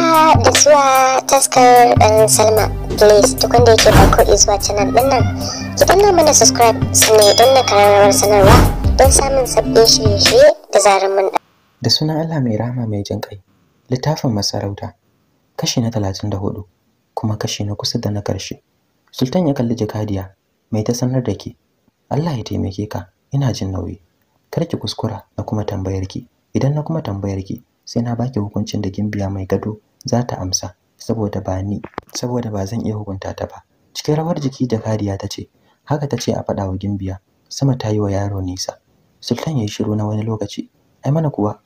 haka ah, da zuwa taskar ɗan um, salma please duk wanda yake farko izuwa canal ɗin nan ki danna mana subscribe sannan don na kararrawar sanarwa don samun sabbin shirye-shirye da zarar mun da da sunan allah mai rahama mai jin kai littafin masarauta kashi na talatin da hudu kuma kashi na kusa da na karshe sultan ya kalli jakadiya mai ta sanar da ke allah ya taimake ka ina jin nauyi karki kuskura na kuma tambayar ki idan na kuma tambayar ki sai na baki hukuncin da gimbiya mai gado za ta amsa saboda ba ni saboda ba zan iya hukunta ta ba cikin rawar jiki da kariya ta ce haka ta ce a faɗa wa gimbiya sama ta yi wa yaro nisa sultan ya yi shiru na wani lokaci ai mana kuwa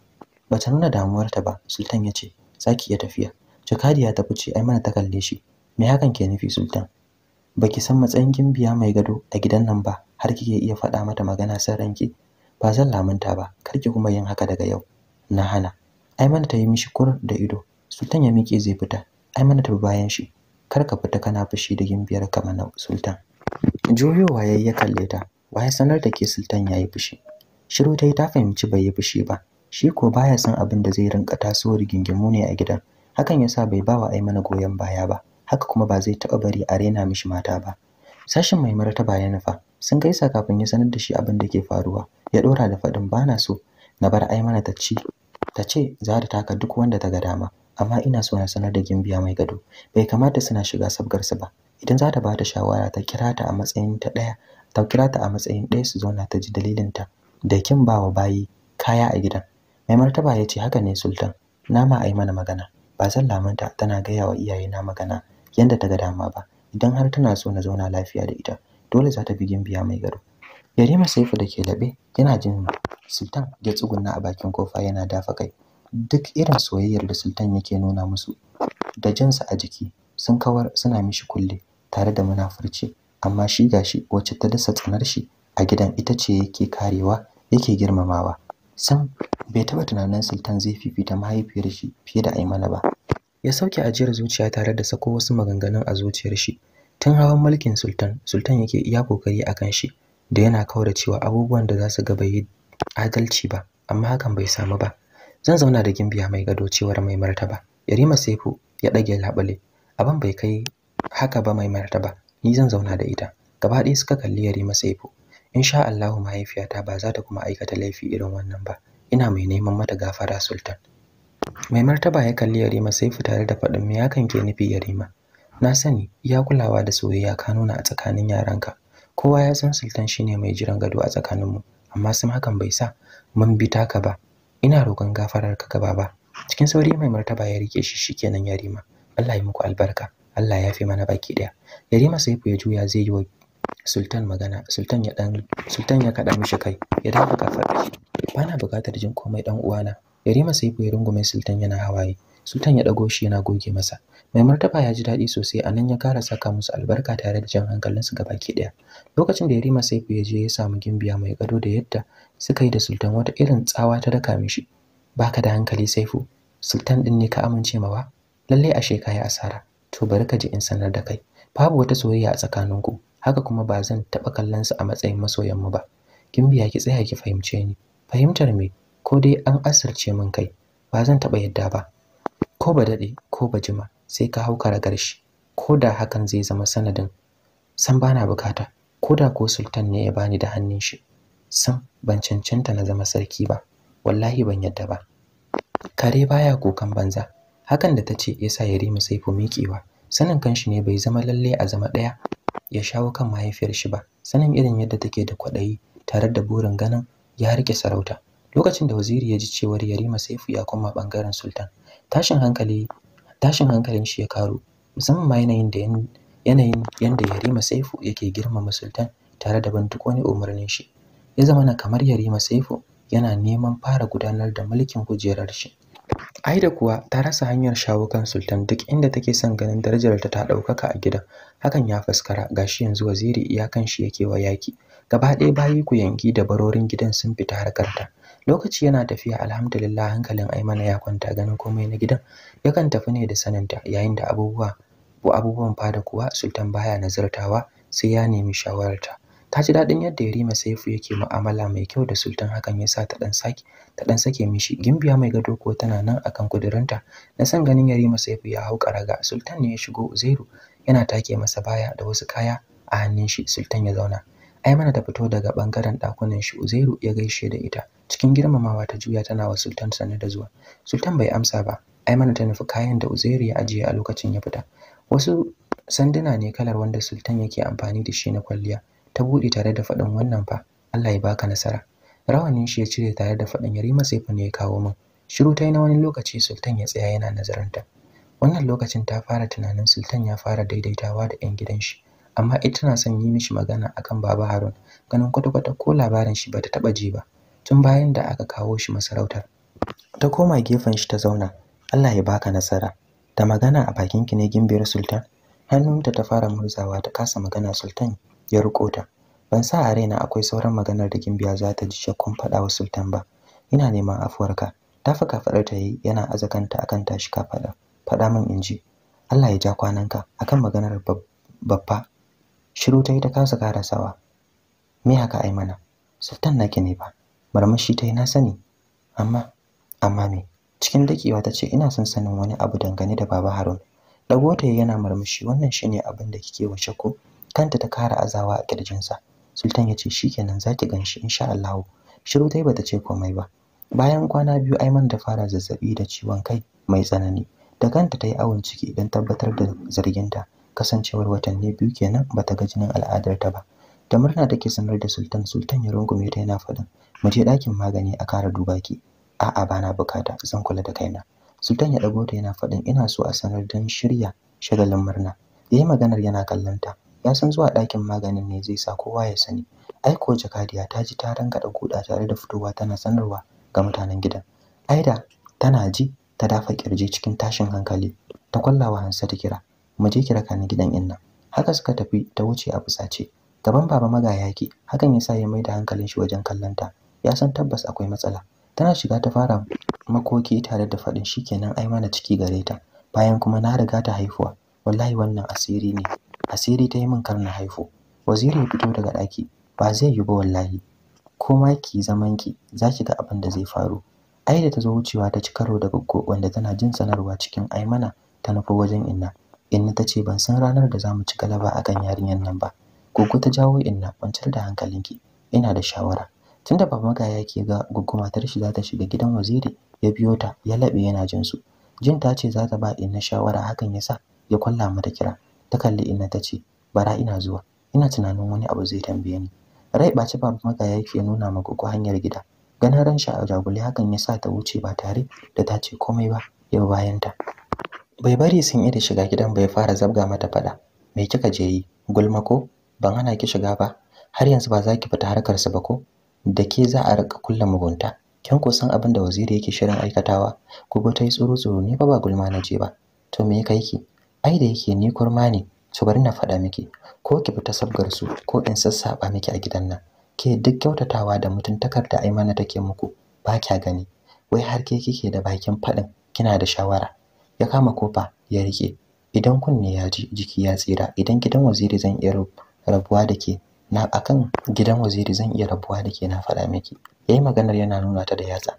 ba ta nuna ta ba sultan ya ce za ki iya tafiya jakadiya ta fice ai mana ta kalle shi me hakan ke nufi sultan baki san matsayin gimbiya mai gado a gidan nan ba har kike iya faɗa mata magana san ranki ba zan lamunta ba kar ki kuma yin haka daga yau na hana ai mana ta yi mishi kur da ido. Sultan ya miƙe zai fita. mana ta bayan shi. Kar ka fita kana fushi da gimbiyar kamar na Sultan. Juyowa yayi ya kalle ta. Waye sanar da ke Sultan ya yi fushi. Shiru ta yi ta fahimci bai yi fushi ba. Shi ko baya son abin da zai rinka tasowar gingimu ne a gidan. Hakan ya sa bai bawa ai mana goyon baya ba. Haka kuma ba zai taɓa bari a rena mishi mata ba. Sashin mai martaba ya nufa. Sun gaisa kafin ya sanar da shi abin da ke faruwa. Ya ɗora da faɗin bana so na bar Aimana ta ci ta ce za ta taka duk wanda ta ga dama amma ina so na sanar da gimbiya mai gado bai kamata suna shiga sabgarsu ba idan za ta ba ta shawara ta kira ta a matsayin ta ɗaya ta kira ta a matsayin ɗaya su zauna ta ji dalilin ta da kin ba wa bayi kaya a gidan mai martaba ya ce haka ne sultan na ma yi mana magana ba zan lamunta tana gaya wa na magana yanda ta ga dama ba idan har tana so na zauna lafiya da ita dole za ta bi gimbiya mai gado Yarima Saifu da ke laɓe yana jin Sultan ya tsugunna a bakin kofa yana dafa kai. Duk irin soyayyar da Sultan yake nuna musu da jinsa a jiki sun kawar suna mishi kulle tare da munafurci amma shi gashi wacce ta dasa tsanar shi a gidan ita ce yake karewa yake girmamawa. Sam bai taɓa tunanin Sultan zai fifita mahaifiyar shi fiye da Aimana ba. Ya sauke ajiyar zuciya tare da sako wasu maganganun a zuciyar shi. Tun hawan mulkin Sultan, Sultan yake iya kokari akan shi. da yana cewa abubuwan da za su ga bai adalci ba amma hakan bai samu ba zan zauna da gimbiya mai gado cewar mai martaba yarima saifu ya dage labule abin bai kai haka ba mai martaba ni zan zauna da ita gaba ɗaya suka kalli yarima saifu insha Allahu mahaifiyata ba za ta kuma aikata laifi irin wannan ba ina mai neman mata gafara sultan mai martaba ya kalli yarima saifu tare da faɗin me hakan ke nufi yarima na sani ya kulawa da soyayya ka nuna a tsakanin yaranka kowa ya san sultan shine mai jiran gado a tsakaninmu amma sun hakan bai sa mun bi taka ba ina roƙon gafarar ka gaba ba cikin sauri mai martaba ya rike shi kenan yarima Allah ya muku albarka Allah ya fi mana baki daya yarima sai ya juya zai yi wa sultan magana sultan ya dan sultan ya kada mishi kai ya dafa kafar shi bana bukatar jin komai dan uwana yarima sai ya rungume sultan yana hawaye Sultan ya ɗago shi yana goge masa. Mai martaba ya ji daɗi sosai a nan ya kara saka musu albarka tare da jan hankalinsu ga baki ɗaya. Lokacin da Yarima Saifu ya je ya samu gimbiya mai gado da yadda suka yi da Sultan wata irin tsawa ta daka mishi. Baka da hankali Saifu, Sultan ɗin ne ka amince mawa? Lallai ashe ka yi asara. To bari ka ji in sanar da kai. Babu wata soyayya a tsakaninku, haka kuma ba zan taɓa kallon su a matsayin masoyanmu ba. Gimbiya ki tsaya ki fahimce ni. Fahimtar me? Ko dai an asirce min kai. Ba zan taɓa yadda ba. ko ba daɗe ko ba jima sai ka hau karagar shi ko da hakan zai zama sanadin san bana bukata ko da ko sultan ne ya bani da hannun shi san ban cancanta na zama sarki ba wallahi ban yadda ba kare baya kokan banza hakan da ta ce ya sa yarima saifu miƙewa sanin kanshi ne bai zama lalle a zama ɗaya ya shawo kan mahaifiyar shi ba sanin irin yadda take da kwaɗayi tare da burin ganin ya rike sarauta lokacin da waziri ya ji cewar yarima saifu ya koma bangaren sultan tashin hankali tashin hankalin shi ya karu musamman ma yanayin da yanayin yanda Yarima Saifu yake girmama Sultan tare da ne umarnin shi ya zama na kamar Yarima Saifu yana neman fara gudanar da mulkin kujerar shi Aida kuwa ta rasa hanyar shawo kan Sultan duk inda take son ganin darajar ta ta ɗaukaka a gidan. Hakan ya faskara gashi yanzu waziri iyakan shi yake wa yaki. Gaba ɗaya bayi ku yanki da barorin gidan sun fita harkarta. lokaci yana tafiya alhamdulillah hankalin aimana ya kwanta ganin komai na gidan yakan tafi ne da saninta yayin da abubuwa ko abubuwan fada kuwa sultan baya nazartawa sai ya nemi shawararta ta ji daɗin yadda yarima saifu yake mu'amala mai kyau da sultan hakan ya sa ta ɗan sake ta ɗan sake mishi gimbiya mai gado kuwa tana nan akan kudurinta na san ganin yarima saifu ya hau ƙaraga sultan ne ya shigo uzairu yana take masa baya da wasu kaya a hannun shi sultan ya zauna Aimana ta fito daga ɓangaren ɗakunan shi uzairu ya gaishe da ita cikin girmamawa ta juya tana wa sultan sanne da zuwa sultan bai amsa ba ai mana ta nufi kayan da uzairi ya ajiye a lokacin ya fita wasu sanduna ne kalar wanda sultan yake amfani da shi na kwalliya ta buɗe tare da faɗin wannan fa Allah ya baka nasara rawanin shi ya cire tare da faɗin yari sai ne ya kawo min shiru ta yi na wani lokaci sultan ya tsaya yana nazarin ta. wannan lokacin ta fara tunanin sultan ya fara daidaitawa da 'yan gidan shi amma ita tana son yi mishi magana akan baba harun ganin kwata-kwata ko labarin shi ba ta taɓa ji ba tun bayan da aka kawo shi masarautar ta koma gefen shi ta zauna Allah ya baka nasara da magana a bakin ki ne gimbiyar sultan hannunta ta fara murzawa ta kasa magana sultan ya riko ta ban sa a raina akwai sauran maganar da gimbiya za ta ji shakkun faɗa wa sultan ba ina neman afuwarka ta faka faɗar ta yi yana azakanta akan tashi kafaɗa faɗa min inji. Allah ya ja kwanan ka. akan maganar babba shiru ta yi ta kasa karasawa me haka ai mana sultan na ne ba marmashi ta yi na sani amma amma me cikin dakewa ta ce ina son sanin wani abu dangane da baba harun dago ta yana marmashi wannan shine abin da kike wace ko kanta ta kara azawa a kirjinsa sultan ya ce shikenan zaki ganshi insha Allah shiru tai bata ce komai ba bayan kwana biyu aiman da fara zazzabi da ciwon kai mai tsanani da kanta ta yi awon ciki don tabbatar da zarginta kasancewar watanni biyu kenan bata ga jinin ta ba da murna take sanar da sultan sultan ya rungume ta yana faɗin mu je ɗakin magani a ƙara duba ki a'a bana bukata zan kula da kaina sultan ya ɗago ta yana faɗin ina so a sanar don shirya shagalin murna yayi maganar yana kallon ta ya san zuwa ɗakin maganin ne zai sa kowa ya sani aiko jakadiya ta ji ta ranka da kuɗa tare da fitowa tana sanarwa ga mutanen gidan aida tana ji ta dafa kirji cikin tashin hankali ta kwallawa hansa ta kira mu je kira kan gidan inna haka suka tafi ta wuce a fusace gaban baba magayaki hakan yasa ya maida hankalin shi wajen kallon ta ya san tabbas akwai matsala tana shiga ta fara makoki tare da faɗin shikenan ai mana ciki gare ta bayan kuma na riga ta haifuwa wallahi wannan asiri ne asiri ta yi min kar na haifu waziri ya fito daga ɗaki ba zai yi ba wallahi ko ma ki zaman ki za ki ga abin da zai faru ai da ta zo wucewa ta ci karo da gaggo wanda tana jin sanarwa cikin aimana ta nufi wajen inna inna ta ce ban san ranar da za mu ci galaba akan yarinyar nan ba gogo ta jawo inna kwantar da hankalinki ina da shawara tunda ba gaya ke ga matar shi za ta shiga gidan waziri ya biyo ta ya laɓe yana jin su jin ta ce za ta ba inna shawara hakan yasa ya kwalla mata kira ta kalli inna ta ce bara ina zuwa ina tunanin wani abu zai tambaye ni rai ci ba magaya yake nuna ma gugu hanyar gida ganin ran shi a jagule hakan yasa ta wuce ba tare da ta ce komai ba yau bayan ta bai bari sun yi da shiga gidan bai fara zabga mata fada me kika je yi gulma ko ban hana ki shiga ba har yanzu ba za ki fita harkar su ba ko da ke za a rika kulla mugunta kin ko san abin da waziri yake shirin aikatawa gobe ta yi tsuru-tsuru ne ba ba gulma na je ba to me kai ki ai da yake ni kurma ne to bari na faɗa miki ko ki fita sabgar su ko in sassaba miki a gidan nan ke duk kyautatawa da mutuntakar da aimana take muku ba kya gani wai har ke kike da bakin faɗin kina da shawara ya kama kofa ya rike idan kunne ya ji jiki ya tsira idan gidan waziri zan iya rabuwa da ke na akan gidan waziri zan iya rabuwa da ke na faɗa miki yayi maganar yana nuna ta da yatsa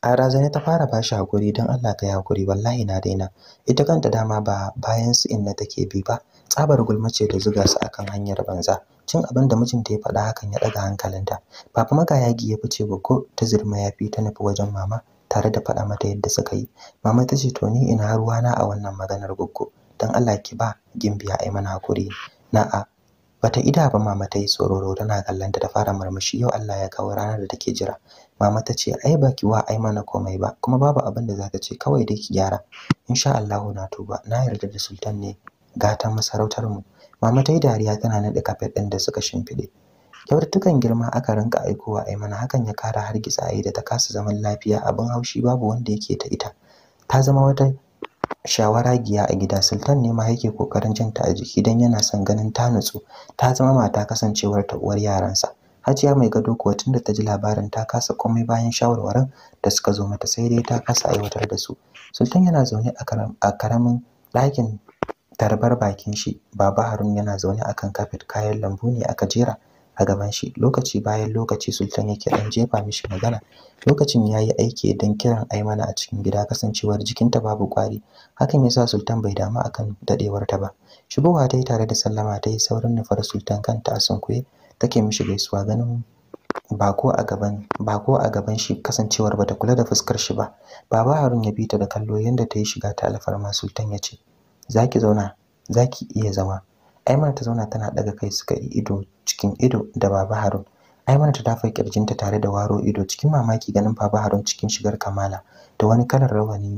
a razane ta fara bashi hakuri don Allah ka yi hakuri wallahi na daina ita kanta dama ba bayan su inna take bi ba tsabar gulmace da zuga su akan hanyar banza cin abin da mijinta ya faɗa hakan ya ɗaga hankalinta papa magayagi ya fice ko ta zirma ya fi ta nufi wajen mama tare da faɗa mata yadda suka yi mama ta ce to ni ina ruwana a wannan maganar goggo? don Allah ki ba gimbiya ai mana hakuri na'a Bata ida ba mama ta yi tsororo tana kallanta ta fara murmushi yau Allah ya kawo ranar da take jira. Mama ta ce ai baki wa ai mana komai ba kuma babu abin da za ce kawai dai ki gyara. Insha Allah na tuba na yarda da sultan ne gatan masarautar mu. Mama ta yi dariya tana naɗe kafet ɗin da suka shimfiɗe. Kyaututtukan girma aka rinka aikowa ai mana hakan ya kara hargitsa ai da ta kasa zaman lafiya abin haushi babu wanda yake ta ita. Ta zama wata Shawara giya a gida sultan ne ma yake kokarin jin ta a jiki dan yana son ganin ta nutsu ta zama mata kasancewar ta uwar yaransa hajiya mai gado kuwa da ta ji labarin ta kasa komai bayan shawarwarin da suka zo mata sai dai ta kasa aiwatar da su sultan yana zaune a karamin ɗakin tarbar bakin shi baba harun yana zaune akan kafet kayan lambu ne aka jera a gaban shi lokaci bayan lokaci sultan yake dan jefa mishi magana lokacin yayi aiki dan kiran aimana a cikin gida kasancewar jikinta babu kwari hakan yasa sultan bai damu akan dadewar ta ba shigowa ta yi tare da sallama ta yi saurin nufar sultan kanta a sunkuye take mishi gaisuwa ganin bako a gaban bako a gaban shi kasancewar bata kula da fuskar shi ba baba harun ya bita da kallo yanda ta yi shiga ta alfarma sultan ya ce zaki zauna zaki iya zama Aimana ta zauna tana daga kai suka yi ido cikin ido da Baba Harun. Aimana ta dafa kirjinta tare da waro ido cikin mamaki ganin Baba Harun cikin shigar kamala da wani kalar rawani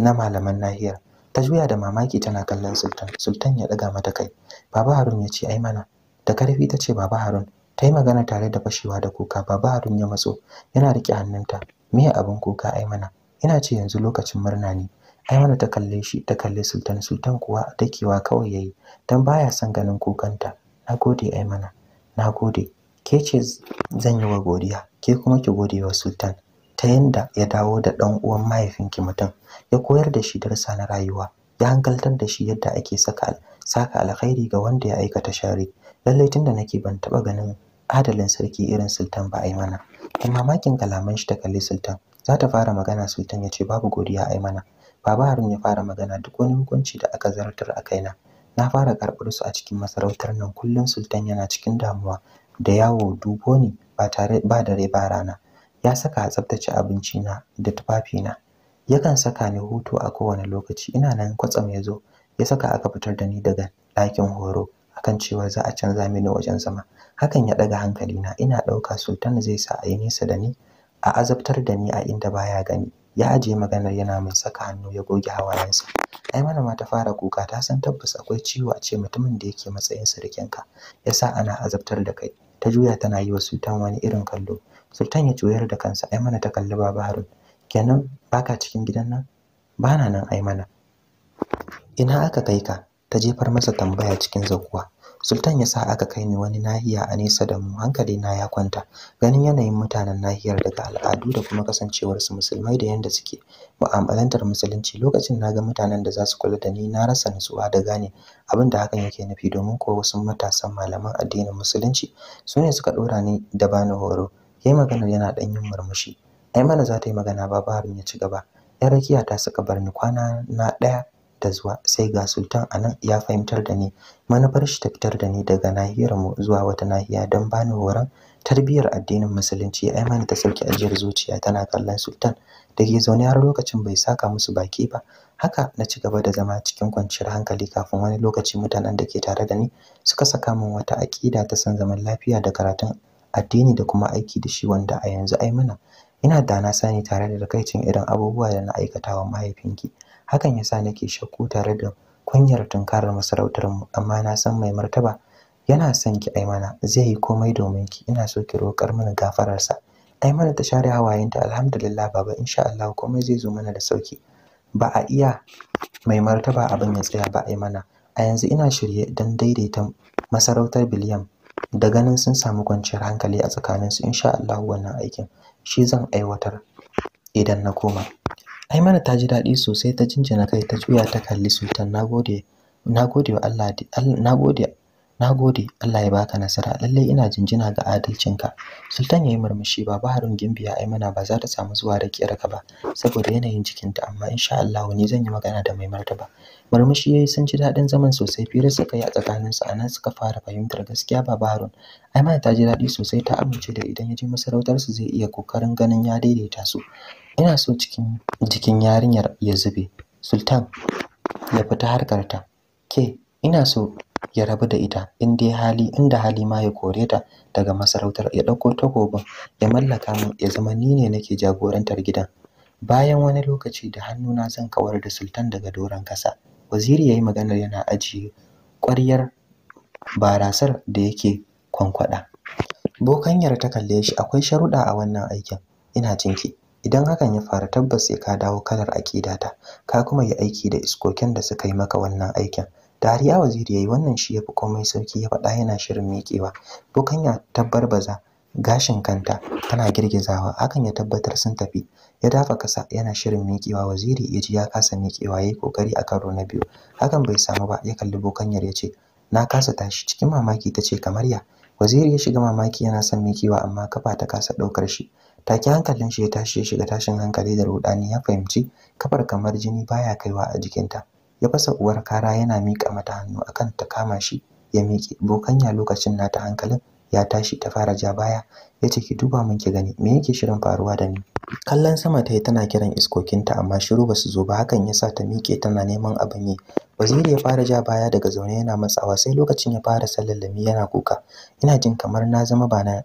na malaman nahiyar. Ta juya da mamaki tana kallon Sultan. Sultan ya daga mata kai. Baba Harun ya ce Aimana da karfi ta ce Baba Harun ta yi magana tare da fashewa da kuka Baba Harun ya matso yana rike hannunta. Me abin kuka Aimana? Ina ce yanzu lokacin murna ne. Aimanu ta kalle shi ta kalle Sultan Sultan kuwa dakewa kawai yayi dan baya son ganin kukanta. Nagode Aimana, nagode. Ke ce zan yi wa godiya, ke kuma ki gode wa Sultan ta yanda ya dawo da dan uwan mahaifinki mutum, ya koyar da shi darsa na rayuwa, ya hankaltar da shi yadda ake saka saka alkhairi ga wanda ya aikata shari. Lallai tunda nake ban taba ganin adalin sarki irin Sultan ba mana. Da mamakin kalaman shi ta kalli Sultan, za ta fara magana Sultan ya ce babu godiya ai mana Baba Harun ya fara magana duk wani hukunci da aka zartar a kaina na fara karɓar su a cikin masarautar nan kullum sultan yana cikin damuwa da yawo dubo ni ba tare ba da ba rana ya saka a tsaftace abinci na da tufafi na yakan saka ni hutu a kowane lokaci ina nan kwatsam ya zo ya saka aka fitar da ni daga ɗakin horo akan cewa za a canza mini wajen zama hakan ya ɗaga hankalina ina ɗauka sultan zai sa a yi nesa da ni a azabtar da ni a inda baya gani ya ajiye maganar yana mai saka hannu ya goge hawayensa ai mana ma ta fara kuka ta san tabbas akwai ciwo a ce mutumin da yake matsayin ka yasa ana azabtar da kai ta juya tana yi wa sultan wani irin kallo sultan ya juyar da kansa ai mana ta kalli baba harun kenan baka cikin gidan nan bana nan ai mana ina aka kai ka ta jefar masa tambaya cikin zakuwa Sultan ya sa aka kai ni wani nahiya a nesa da mu hankali na ya kwanta ganin yanayin mutanen nahiyar daga al'adu da kuma kasancewar su musulmai da yanda suke mu'amalantar musulunci lokacin na ga mutanen da za su kula da ni na rasa nutsuwa da gane abin da hakan yake nufi domin ko wasu matasan malaman addinin musulunci su ne suka dora ni da bani horo yi maganar yana ɗan yin murmushi ai mana za ta yi magana ba harin ya ci gaba yan rakiya ta suka bar ni kwana na ɗaya. da zuwa sai ga sultan anan ya fahimtar da ni manufar shi ta fitar da ni daga nahiyar mu zuwa wata nahiya don bani horon tarbiyyar addinin musulunci ai ta sauki ajiyar zuciya tana kallon sultan da ke zaune har lokacin bai saka musu baki ba haka na ci gaba da zama cikin kwanciyar hankali kafin wani lokaci mutanen da ke tare da ni suka saka min wata aƙida ta san zaman lafiya da karatun addini da kuma aiki da shi wanda a yanzu ai mana ina da na sani tare da rikicin irin abubuwa da na aikatawa mahaifinki hakan ya yasa nake shakku tare da kunyar tunkarar masarautar mu amma na san mai martaba yana son ki aimana zai yi komai domin ki ina so ki roƙar mana gafararsa aimana ta share hawayenta alhamdulillah baba insha Allah komai zai zo mana da sauki ba a iya mai martaba abin ya tsaya ba aimana a yanzu ina shirye don daidaita masarautar biliyam da ganin sun samu kwanciyar hankali a tsakaninsu insha Allah wannan aikin shi zan aiwatar idan na koma ai mana ta ji daɗi sosai ta jinjina kai ta juya ta kalli Sultan nagode nagode wa Allah nagode nagode Allah ya baka nasara lalle ina jinjina ga adalcinka Sultan yayi murmushi baba Harun Gimbiya ai mana ba za ta samu zuwa da ka ba saboda yanayin jikinta amma insha Allah ni zan yi magana da mai martaba murmushi yayi sun ji daɗin zaman sosai fira suka yi a tsakanin su anan suka fara fahimtar gaskiya baba Harun ai mana ta ji daɗi sosai ta amince da idan ya je masarautar su zai iya kokarin ganin ya daidaita su ina so cikin jikin yarinyar ya zube sultan ya fita harkar ta ke ina so ya rabu da ita inda hali inda hali ma ya kore ta daga masarautar ya dauko takobin ya mallaka min ya zama ni ne nake jagorantar gidan bayan wani lokaci da hannuna zan kawar da sultan daga doron kasa waziri yayi maganar yana ajiye ƙwaryar barasar da yake kwankwada bokanyar ta kalle shi akwai sharuɗa a wannan aikin ina jinki idan hakan ya faru tabbas sai ka dawo kalar aƙidata ka kuma yi aiki da iskokin da suka yi maka wannan aikin dariya waziri yayi wannan shi yafi komai sauki ya faɗa yana shirin miƙewa bokanya tabbar baza gashin kanta tana girgizawa hakan ya tabbatar sun tafi ya dafa kasa yana shirin miƙewa waziri ya ji ya kasa miƙewa yayi kokari a karo na biyu hakan bai samu ba ya kalli bokanyar ya ce na kasa tashi cikin mamaki ta ce kamar ya waziri ya shiga mamaki yana son miƙewa amma kafa ta kasa ɗaukar shi take hankalin shi ya tashi shiga tashin hankali da rudani ya fahimci kafar kamar jini baya kaiwa a jikinta ya fasa uwar kara yana miƙa mata hannu akan ta kama shi ya miƙe bokanya lokacin nata hankalin ya tashi ta fara ja baya ya ce ki duba min ki gani me yake shirin faruwa da ni kallon sama ta yi tana kiran iskokinta amma shiru ba su zo ba hakan ya sa ta miƙe tana neman abin yi waziri ya fara ja baya daga zaune yana matsawa sai lokacin ya fara sallallami yana kuka ina jin kamar na zama ba na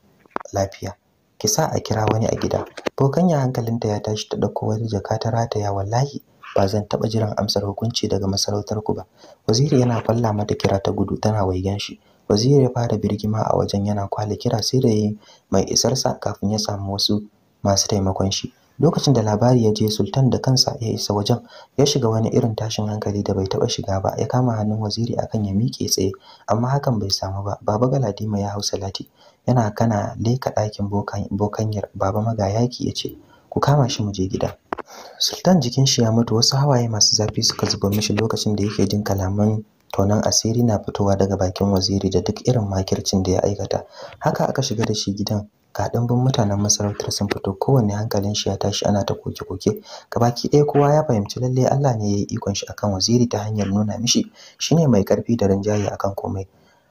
lafiya ki sa a kira wani a gida bokanya hankalinta ya tashi ta dauko wani jaka ta rataya wallahi ba zan taba jiran amsar hukunci daga masarautar ku ba waziri yana kwalla mata kira ta gudu tana waigen shi waziri ya fara birgima a wajen yana kwale kira sai da yayi mai isar sa kafin ya samu wasu masu taimakon shi lokacin da labari ya je sultan da kansa ya isa wajen ya shiga wani irin tashin hankali da bai taba shiga ba ya kama hannun waziri akan ya miƙe tsaye amma hakan bai samu ba baba galadima ya hausa lati yana kana leka ɗakin bokanyar baba yaki ya ce ku kama shi muje gida sultan jikin shi ya mutu wasu hawaye masu zafi suka zuba mishi lokacin da yake jin kalaman tonan asiri na fitowa daga bakin waziri da duk irin makircin da ya aikata haka aka shiga da shi gidan ga mutanen masarautar sun fito kowanne hankalin shi ya tashi ana ta koke-koke gabaki ɗaya kowa ya fahimci lalle Allah ne ya yi ikon shi akan waziri ta hanyar nuna mishi shine mai ƙarfi da rinjaye akan komai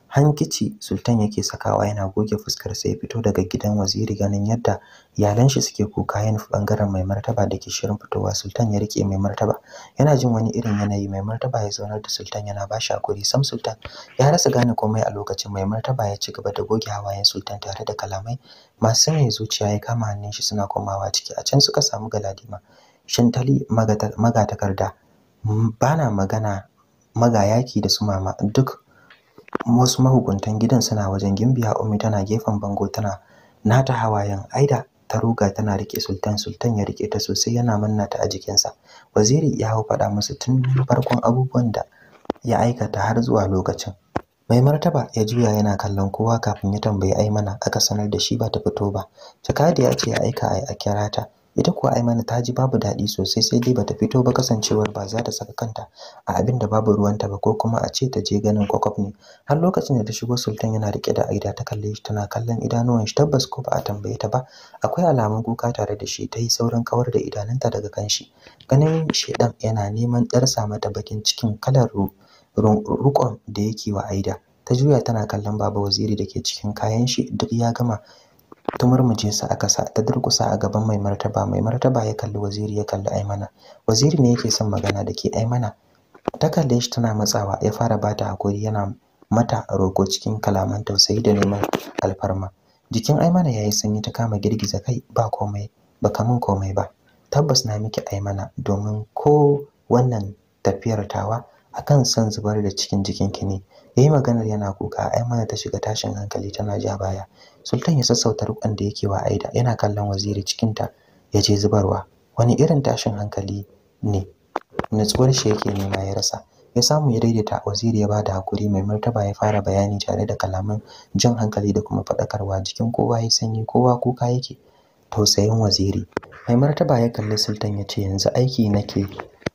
hankici sultan yake sakawa yana goge fuskar sai fito daga gidan waziri ganin yadda iyalan shi suke kuka yana bangaren mai martaba da ke shirin fitowa sultan ya rike mai martaba yana jin wani irin yanayi mai martaba ya zaunar da sultan yana ba shi hakuri sam sultan ya rasa gane komai a lokacin mai martaba ya ci gaba da goge hawayen sultan tare da kalamai masu mai zuciya ya kama hannun shi suna komawa ciki a can suka samu galadima shintali magatakarda bana magana magayaki da su mama duk wasu mahukuntan gidan suna wajen gimbiya ummi tana gefen bango tana nata hawayen aida ta ruga tana rike sultan sultan ya rike ta sosai yana manna ta a jikinsa waziri ya hau faɗa musu tun farkon abubuwan da ya aikata har zuwa lokacin mai martaba ya juya yana kallon kowa kafin ya tambayi aimana aka sanar da shi ba ta fito ba jakadiya ce ya aika a kira ta ita kuwa Aimana ta ji babu daɗi sosai sai dai bata fito ba kasancewar ba za ta saka kanta a abin da babu ruwanta ba ko kuma a ce ta je ganin kwakwaf ne har lokacin da ta shigo sultan yana rike da aida ta kalle shi tana kallon idanuwan shi tabbas ko ba a tambaye ta ba akwai alamun kuka tare da shi ta yi saurin kawar da idanunta daga kan shi ganin yana neman ɗarsa mata bakin cikin kalar rukon da yake wa aida ta juya tana kallon baba waziri da ke cikin kayan shi duk ya gama muje sa a kasa ta durkusa a gaban mai martaba mai martaba ya kalli waziri ya kalli aimana waziri ne yake son magana da ke aimana ta kalle shi tana matsawa ya fara bata hakuri yana mata roko cikin kalaman tausayi da neman alfarma jikin aimana ya yi sanyi ta kama girgiza kai ba komai ba kamun komai ba tabbas na miki aimana domin ko wannan tafiyar tawa akan son zubar da cikin jikinki ne yayi maganar yana kuka aimana ta shiga tashin hankali tana ja baya sultan ya sassauta rukan da yake wa aida yana kallon waziri cikin ta ya je zubarwa wani irin tashin hankali ne natsuwar shi yake nema ya rasa ya samu ya daidaita waziri ya bada hakuri mai martaba ya fara bayani tare da kalaman jan hankali da kuma faɗakarwa jikin kowa ya sanyi kowa kuka yake tausayin waziri mai martaba ya kalli sultan ya ce yanzu aiki nake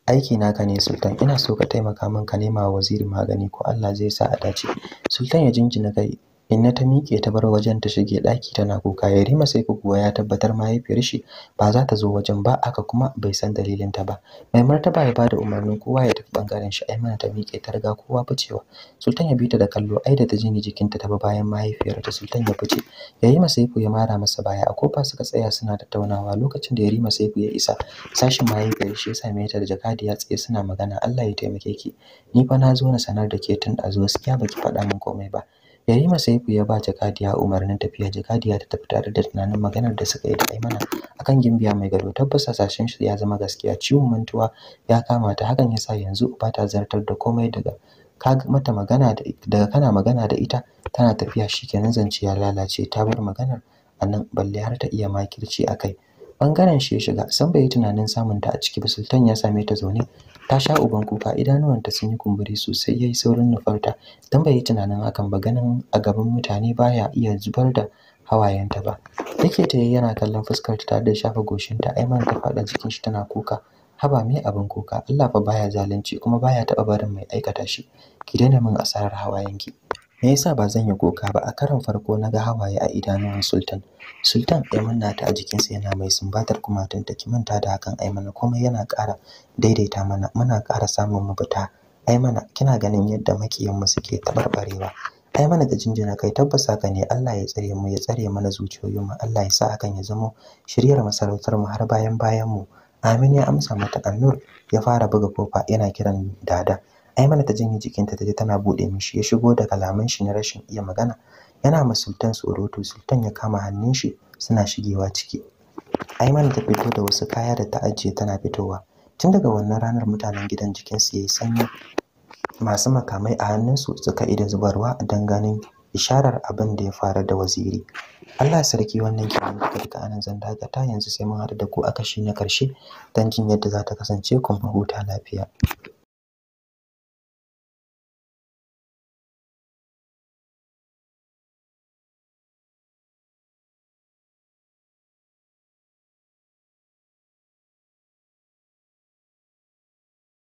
aiki naka ne sultan ina so ka taimaka min ka nema waziri magani ko Allah zai sa a dace sultan ya jinjina kai Inna ta miƙe ta bar wajen ta shige ɗaki tana kuka. Yarima Saifu kuwa ya tabbatar mahaifiyar shi ba za ta zo wajen ba aka kuma bai san dalilin ta ba. Mai martaba ya bada umarnin kowa ya tafi bangaren shi. mana ta miƙe ta riga kowa ficewa. Sultan ya bi ta da kallo ai da ta ni jikinta ta ba bayan mahaifiyar ta Sultan ya fice. Yarima ku ya mara masa baya a kofa suka tsaya suna tattaunawa lokacin da Yarima Saifu ya isa sashin mahaifiyar shi ya same ta da ya tsaye suna magana Allah ya taimake ki. Ni fa na zo na sanar da ke tun ɗazu gaskiya baki faɗa min komai ba. Yarima Saifu ya ba Jakadiya umarnin tafiya. Jakadiya ta tafi tare da tunanin maganar da suka yi da Aimana akan gimbiya mai gado. Tabbas sashen shi ya zama gaskiya. Ciwon mantuwa ya kama ta hakan yasa yanzu ba ta zartar da komai daga ka mata magana daga kana magana da ita tana tafiya shi shikenan zance ya lalace ta bar maganar nan balle har ta iya makirci akai. Bangaren shi ya shiga san bai tunanin samun ta a ciki ba Sultan ya same ta zaune ta sha uban kuka idanuwanta sun yi kumburi sosai yayi saurin nufarta dan bai yi tunanin hakan ba ganin a gaban mutane baya iya zubar da hawayenta ba yake ta yana kallon fuskar ta da shafa goshinta man ta fada jikin shi tana kuka haba mai abin kuka Allah fa baya zalunci kuma baya taɓa barin mai aikata shi ki daina min asarar hawayenki me yasa ba zan yi kuka ba a karon farko na ga hawaye a idanuwan sultan sultan ya na ta a jikinsa yana mai sumbatar kumatun ta ki manta da hakan ai mana, kuma yana ƙara daidaita mana muna ƙara samun Ai mana, kina ganin yadda makiyan mu suke tabarbarewa mana da jinjina kai tabbas haka ne Allah ya tsare mu ya tsare mana zuciyoyin mu Allah ya sa hakan ya zama shiryar masarautar mu har bayan bayan mu Amin ya amsa mata Annur ya fara buga kofa yana kiran dada Aimana ta janye jikinta ta je tana bude mishi ya shigo da kalaman shi na rashin iya magana yana ma Sultan to Sultan ya kama hannun shi suna shigewa ciki mana ta fito da wasu kaya da ta ajiye tana fitowa tun daga wannan ranar mutanen gidan jikin su yayi sanyi masu makamai a hannunsu suka ida zubarwa don ganin isharar abin da ya faru da waziri Allah sarki wannan kenan da duka anan zan dakata yanzu sai mun haɗu da ku a kashi na karshe don jin yadda za ta kasance kuma huta lafiya